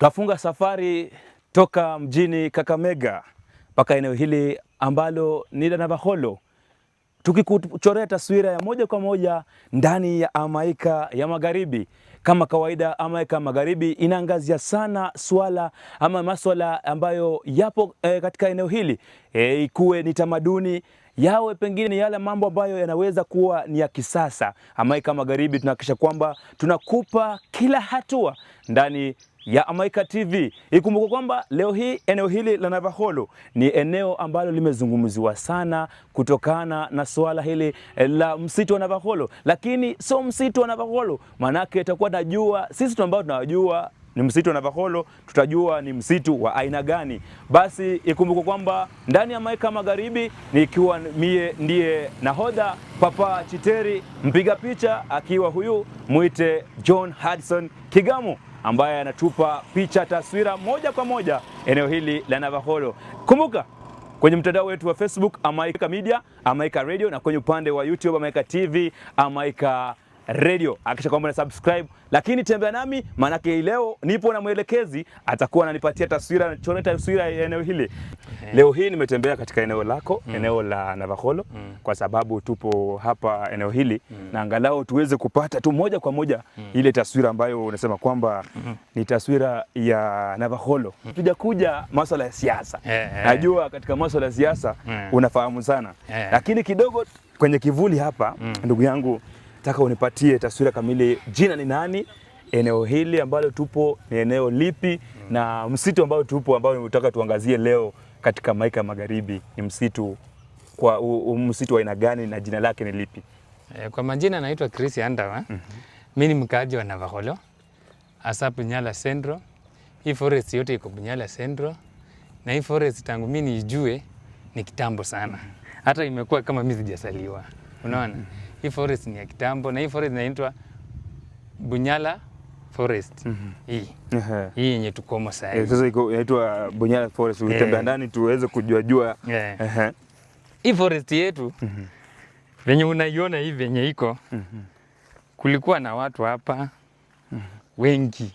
Tunafunga safari toka mjini Kakamega mpaka eneo hili ambalo ni la tukikuchorea taswira ya moja kwa moja ndani ya Amaika ya Magharibi. Kama kawaida, Amaika ya Magharibi inaangazia sana swala ama maswala ambayo yapo e, katika eneo hili e, ikuwe ni tamaduni yawe pengine ni yale mambo ambayo yanaweza kuwa ni ya kisasa. Amaika Magharibi tunahakikisha kwamba tunakupa kila hatua ndani ya Amaica TV. Ikumbuka kwamba leo hii eneo hili la Navaholo ni eneo ambalo limezungumziwa sana kutokana na suala hili eh, la msitu wa Navaholo, lakini sio msitu wa Navaholo, maanake itakuwa najua sisi ambao tunajua ni msitu wa Navaholo tutajua ni msitu wa aina gani. Basi ikumbuke kwamba ndani ya Amaica Magharibi nikiwa mie ndiye nahodha Papa Chiteri, mpiga picha akiwa huyu mwite John Hudson Kigamo ambaye anatupa picha taswira moja kwa moja eneo hili la Navakholo. Kumbuka kwenye mtandao wetu wa Facebook Amaica Media, Amaica Radio na kwenye upande wa YouTube Amaica TV, Amaica Radio, hakikisha kwamba una subscribe, lakini tembea nami, maanake leo nipo na mwelekezi atakuwa ananipatia taswira chone taswira ya eneo hili. Leo hii nimetembea katika eneo lako mm. eneo la Navakholo mm. kwa sababu tupo hapa eneo hili mm. na angalau tuweze kupata tu moja kwa moja mm. ile taswira ambayo unasema kwamba mm. ni taswira ya Navakholo mm. tujakuja masuala ya siasa yeah, yeah. najua katika masuala ya siasa yeah. unafahamu sana yeah. lakini kidogo kwenye kivuli hapa mm. ndugu yangu nataka unipatie taswira kamili, jina ni nani, eneo hili ambalo tupo ni eneo lipi, mm. na msitu ambao tupo ambao nimetaka tuangazie leo katika Maika Magharibi ni msitu kwa msitu wa aina gani na jina lake ni lipi? Eh, kwa majina naitwa Chris Andawa. mm -hmm. Mimi ni mkaaji wa Navakholo hasa Bunyala Central. Hii forest yote iko Bunyala Central na hii forest tangu mimi nijue ni kitambo sana, hata imekuwa kama mimi sijasaliwa, unaona. mm -hmm hii forest ni ya kitambo, na hii forest inaitwa Bunyala forest mm -hmm. Hii hii yenye tukomo sasa eh, hivi sasa iko inaitwa Bunyala forest. Utembea eh. ndani tuweze kujua jua eh. hii forest yetu mm Venye unaiona hii venye iko mm -hmm. Kulikuwa na watu hapa mm -hmm. wengi.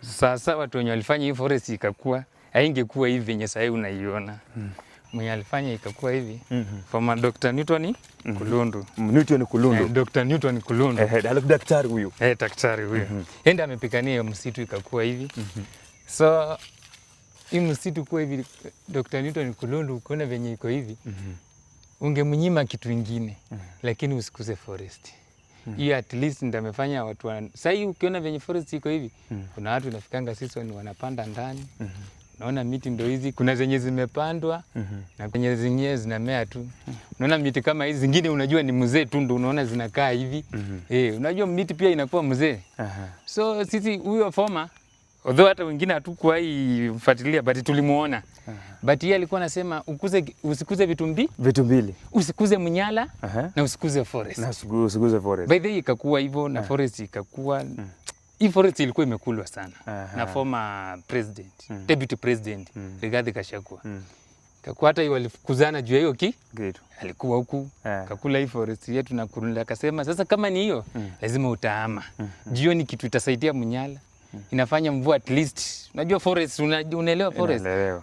Sasa watu wenye walifanya hii forest ikakua haingekuwa hii venye sasa hivi unaiona mm -hmm mwenye alifanya ikakuwa hivi mm -hmm. Dr. Newton mhm. Kulundu. Newton Kulundu. Eh, Dr. Newton Kulundu. Eh, eh, alafu daktari huyo. Eh, daktari huyo. Mm -hmm. Enda amepikania hiyo msitu ikakuwa hivi. Mm -hmm. So hii msitu kuwa hivi Dr. Newton Kulundu ukiona venye iko hivi mm -hmm. ungemnyima kitu ingine mm -hmm. lakini usikuse forest mhm. hiyo mm. At least ndio amefanya watu wa... Sasa hii ukiona venye forest iko hivi mm. Kuna watu nafikanga season wanapanda ndani mm -hmm. Unaona miti ndo hizi, kuna zenye zimepandwa mm -hmm. na kwenye zingine zinamea tu. Unaona miti kama hizi zingine, unajua ni mzee tu ndo unaona zinakaa hivi mm -hmm. Eh, unajua miti pia inakuwa mzee uh -huh. so sisi huyo foma although hata wengine hatukuwahi fuatilia but tulimuona uh -huh. but yeye alikuwa anasema ukuze, usikuze vitu vitu mbili, usikuze mnyala uh -huh. na usikuze forest na usikuze forest, by the way ikakuwa hivyo uh -huh. na forest ikakuwa uh hii forest ilikuwa imekulwa sana Aha. na former president mm. deputy president mm. Rigathi Gachagua mm. kakuwa hata walifukuzana juu ya hiyo ki Great. alikuwa huku eh. kakula hii forest yetu na kurunda, akasema sasa kama ni hiyo mm. lazima utaama mm. jioni kitu itasaidia Munyala mm. inafanya mvua at least, unajua forest unaelewa forest Inalewa.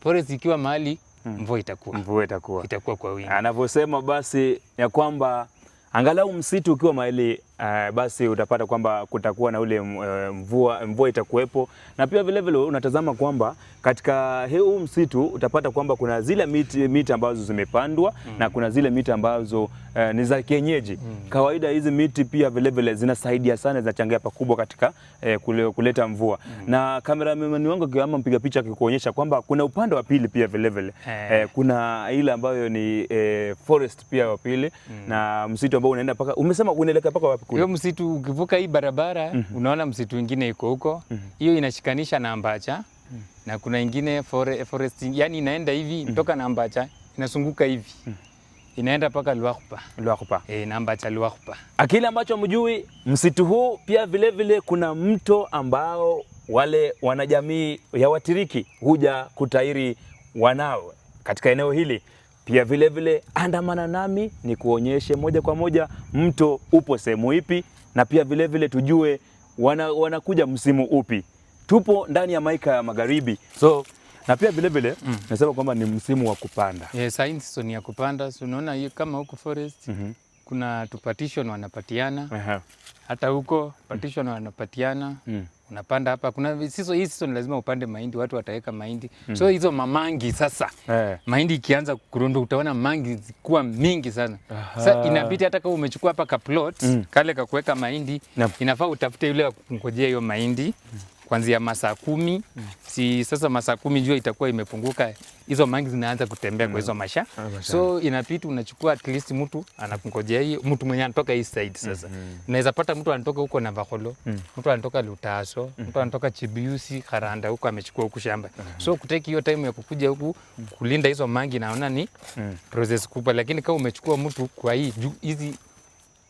forest ikiwa mahali mm. mvua itakuwa mvua itakuwa itakuwa kwa wingi, anavyosema basi ya kwamba angalau msitu ukiwa mahali uh, basi utapata kwamba kutakuwa na ule eh, mvua, mvua itakuwepo, na pia vilevile unatazama kwamba katika huu msitu utapata kwamba kuna zile miti, miti ambazo zimepandwa mm. na kuna zile miti ambazo eh, ni za kienyeji mm. Kawaida hizi miti pia vilevile zinasaidia sana, zinachangia pakubwa katika eh, kule, kuleta mvua mm. Na kameramani wangu akiwama mpiga picha akikuonyesha kwamba kuna upande wa pili pia vilevile eh. Eh, kuna ile ambayo ni eh, forest pia wa pili mm. Na msitu ambao unaenda paka umesema unaelekea paka wapi kule? Hiyo msitu ukivuka hii barabara mm -hmm. Unaona msitu mwingine iko huko hmm. hiyo mm -hmm. Inashikanisha na Ambacha hmm. na kuna ingine forest, forest yani inaenda hivi mm -hmm. Toka na Ambacha inasunguka hivi mm -hmm inaenda mpaka Luakupa. Luakupa. E, eh, namba cha Luakupa. Akili ambacho mjui msitu huu pia vilevile vile kuna mto ambao wale wanajamii ya Watiriki huja kutairi wanao katika eneo hili pia vilevile vile, andamana nami ni kuonyeshe moja kwa moja mto upo sehemu ipi, na pia vilevile vile tujue wana, wanakuja msimu upi. Tupo ndani ya Maika ya Magharibi so na pia vilevile mm. nasema kwamba ni msimu wa kupanda yes, eh, season ya kupanda. So unaona hiyo kama huku forest mm -hmm. kuna tupatishon wanapatiana uh -huh. hata huko partition mm. wanapatiana mm. unapanda hapa, kuna siso hii season lazima upande mahindi, watu wataweka mahindi mm. so hizo mamangi sasa eh. mahindi ikianza kurundu utaona mangi zikuwa mingi sana Aha. Sa inabidi hata kama umechukua hapa ka plot mm. kale kakuweka mahindi yep. inafaa utafute yule wa kungojea hiyo mahindi mm kuanzia masaa kumi mm. si sasa masaa kumi jua itakuwa imepunguka, hizo mangi zinaanza kutembea mm. kwa hizo mm. masha ah, so inapiti unachukua at least mtu anakungojea hii mtu mwenye anatoka hii side sasa mm -hmm. Naweza pata mtu anatoka huko Navakholo mm. mtu anatoka Lutaso mm. mtu anatoka Chibiusi Karanda huko amechukua huku shamba mm -hmm. so kuteki hiyo time ya kukuja huku mm. kulinda hizo mangi naona ni mm. process kubwa, lakini kama umechukua mtu kwa hii hizi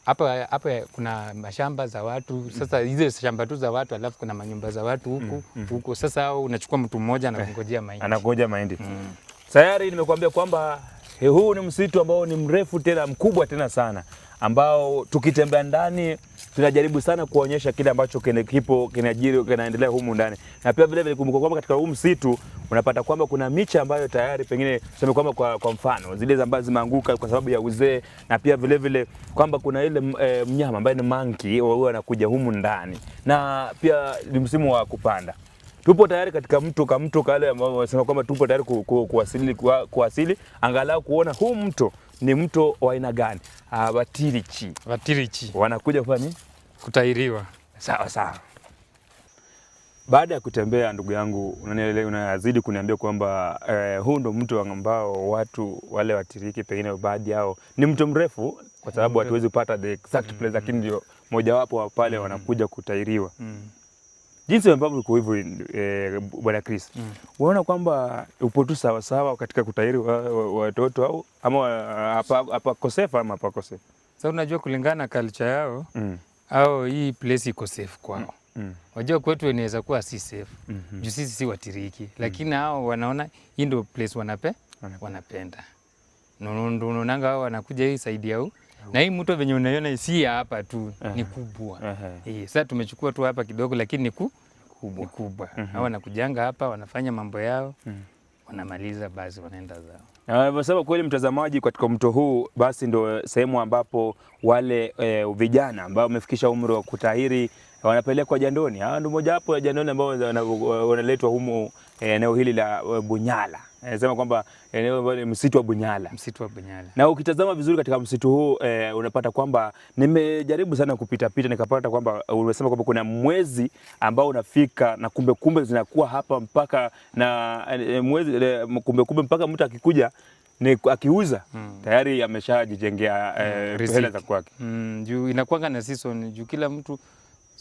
hapa hapa kuna mashamba za watu sasa, mhm. hizo shamba tu za watu, alafu kuna manyumba za watu huku mhm, mhm. huku mm. Sasa unachukua mtu mmoja anakungojea mahindi, anangoja mahindi mm. Sayari nimekuambia kwamba E, huu ni msitu ambao ni mrefu tena mkubwa tena sana, ambao tukitembea ndani tunajaribu sana kuonyesha kile ambacho kipo kinajiri kinaendelea humu ndani, na pia vile vile kumbuka kwamba katika huu msitu unapata kwamba kuna miche ambayo tayari pengine tuseme kwamba kwa, kwa mfano zile ambazo zimeanguka kwa sababu ya uzee, na pia vile vile kwamba kuna ile e, mnyama ambaye ni manki huwa anakuja humu ndani, na pia ni msimu wa kupanda tupo tayari katika mto ka mto kale ambao wanasema kwamba tupo tayari ku, ku, kuwasili, ku, kuwasili angalau kuona huu mto ni mto wa aina gani. Ah, Watirichi Watirichi wanakuja kufanya nini? Sawa sawa. Baada ya kutembea, ndugu yangu, unazidi kuniambia kwamba eh, huu ndo mto ambao watu wale Watiriki pengine baadhi yao ni mto mrefu, kwa sababu hatuwezi kupata the exact place, mm-hmm. lakini ndio mojawapo wa pale mm-hmm. wanakuja kutairiwa mm jinsi ambavyo uko hivyo eh, Bwana Chris mm. Unaona kwamba upo tu sawasawa katika kutahiri watoto wa, wa, wa au ama apakosefu ama hapakosefu? Sasa unajua kulingana na culture yao mm. au hii place iko safe kwao mm. mm. Wajua kwetu inaweza kuwa si safe mm -hmm. Juu sisi si watiriki mm. Lakini hao wanaona hii ndio place wanape, wanapenda, wanapenda. Nununanga hao wanakuja hii saidi yau na hii mto venye unaiona si hapa tu uh -huh. ni kubwa uh -huh. e, sasa tumechukua tu hapa kidogo, lakini ni ku, kubwa, ni kubwa. Uh -huh. wanakujanga hapa wanafanya mambo yao uh -huh. wanamaliza basi wanaenda zao. Sema kweli mtazamaji, katika mto huu basi ndo eh, sehemu ambapo wale e, vijana ambao wamefikisha umri wa kutahiri wanapelekwa jandoni. Hawa ndio moja wapo ya jandoni ambao wanaletwa humo eh, eneo hili la eh, Bunyala. Anasema kwamba eneo ambalo ni msitu wa Bunyala. Msitu wa Bunyala. Na ukitazama vizuri katika msitu huu e, unapata kwamba nimejaribu sana kupita pita nikapata kwamba unasema kwamba kuna mwezi ambao unafika na kumbe kumbe zinakuwa hapa mpaka na e, mwezi e, kumbe kumbe mpaka mtu akikuja ni akiuza hmm. tayari ameshajijengea e, hmm. hela za kwake. Mm, juu inakuwa na season juu kila mtu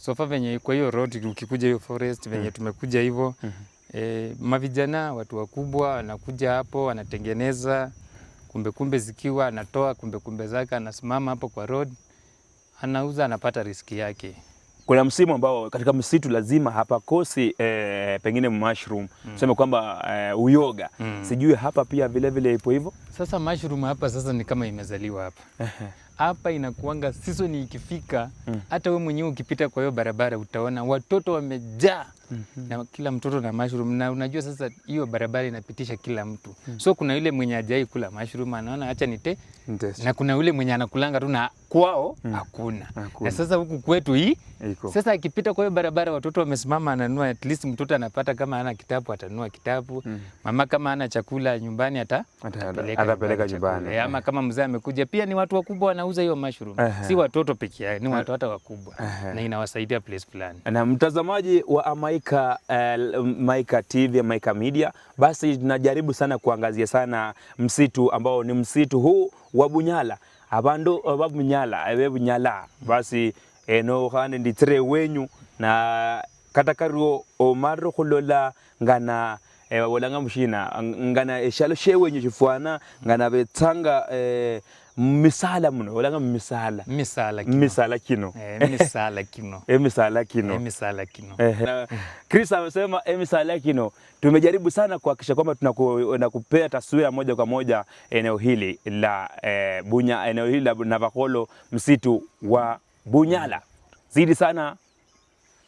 sofa venye kwa hiyo road ukikuja hiyo forest venye mm. tumekuja hivyo mm -hmm. e, eh, mavijana watu wakubwa wanakuja hapo wanatengeneza kumbekumbe zikiwa anatoa kumbekumbe zake anasimama hapo kwa road anauza anapata riski yake. Kuna msimu ambao katika msitu lazima hapakosi e, eh, pengine mushroom mm. sema kwamba e, uyoga mm. sijui hapa pia vilevile ipo hivyo. Sasa mushroom hapa sasa ni kama imezaliwa hapa hapa inakuanga season ikifika, hmm. hata mm. we mwenyewe ukipita kwa hiyo barabara utaona watoto wamejaa mm -hmm. na kila mtoto na mushroom, na unajua sasa hiyo barabara inapitisha kila mtu mm -hmm. so kuna yule mwenye ajai kula mushroom anaona acha nite Ndesi. na kuna yule mwenye anakulanga tu na kwao mm. hakuna. hakuna na sasa huku kwetu hii Iko. Sasa akipita kwa hiyo barabara watoto wamesimama, ananua at least mtoto anapata, kama ana kitabu atanua kitabu mm. mama kama ana chakula nyumbani ata atapeleka nyumbani ama yeah. kama mzee amekuja, pia ni watu wakubwa wanauza hiyo mushroom uh -huh. si watoto pekee yake, ni eh. watu hata wakubwa uh -huh. na inawasaidia place fulani. Na mtazamaji wa Amaica Maika, uh, Maika TV, Maika Media, basi tunajaribu sana kuangazia sana msitu ambao ni msitu huu wa Bunyala abandu babunyala eh, bebunyala eh, basi eno khandi nditsire wenyu na katakario omarire khulola ngana e, bolanga mushina ngana eshalo shewenyu shifwana ngana betsanga misala muno olanga misala misala kino misala kino eh misala kino eh misala kino eh misala kino eh. Chris amesema eh misala kino. Tumejaribu sana kuhakikisha kwamba tunakupea taswira moja kwa moja eneo hili la eh, Bunya, eneo hili la Navakolo, msitu wa Bunyala. Zidi sana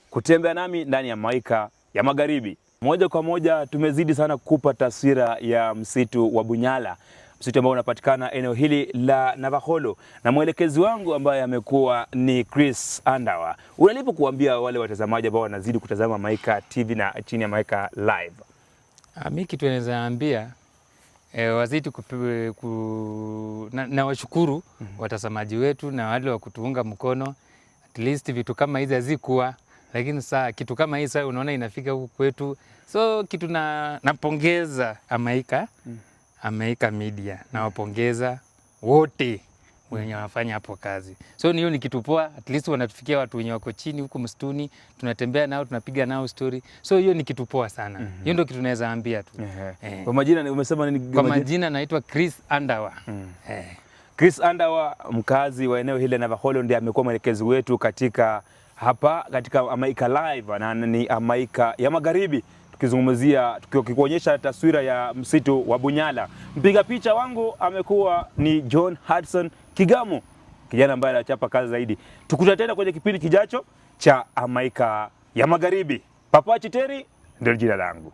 kutembea nami ndani ya Maika ya Magharibi. Moja kwa moja tumezidi sana kupa taswira ya msitu wa Bunyala msitu ambao unapatikana eneo hili la Navakholo, na mwelekezi wangu ambaye amekuwa ni Chris Andawa. Unalipo kuambia wale watazamaji ambao wanazidi kutazama Maika TV na chini ya Maika Live? Mimi ah, kitu naweza ambia E, eh, wazidi ku, nawashukuru na mm -hmm. watazamaji wetu na wale wa kutuunga mkono. At least vitu kama hizi hazikuwa, lakini saa kitu kama hii saa unaona inafika huku kwetu, so kitu na napongeza Amaika mm -hmm. Ameika Media. Nawapongeza wote wenye wanafanya hapo kazi. So hiyo ni kitu poa, at least wanatufikia watu wenye wako chini huko msituni, tunatembea nao, tunapiga nao story. So hiyo ni kitu poa sana. Mhm. Hiyo mm -hmm. ndio kitu naweza ambia tu. Yeah. eh. Kwa majina umesema nini? Kwa majina naitwa Chris Andawa. Mm. Eh. Chris Andawa mkazi wa eneo hili la Navakholo ndiye amekuwa mwelekezi wetu katika hapa katika Amaika Live na ni Amaika ya Magharibi tukizungumzia tukikuonyesha taswira ya msitu wa Bunyala. Mpiga picha wangu amekuwa ni John Hudson Kigamo, kijana ambaye anachapa kazi zaidi. Tukutane tena kwenye kipindi kijacho cha Amaika ya Magharibi. Papa Chiteri ndio jina langu.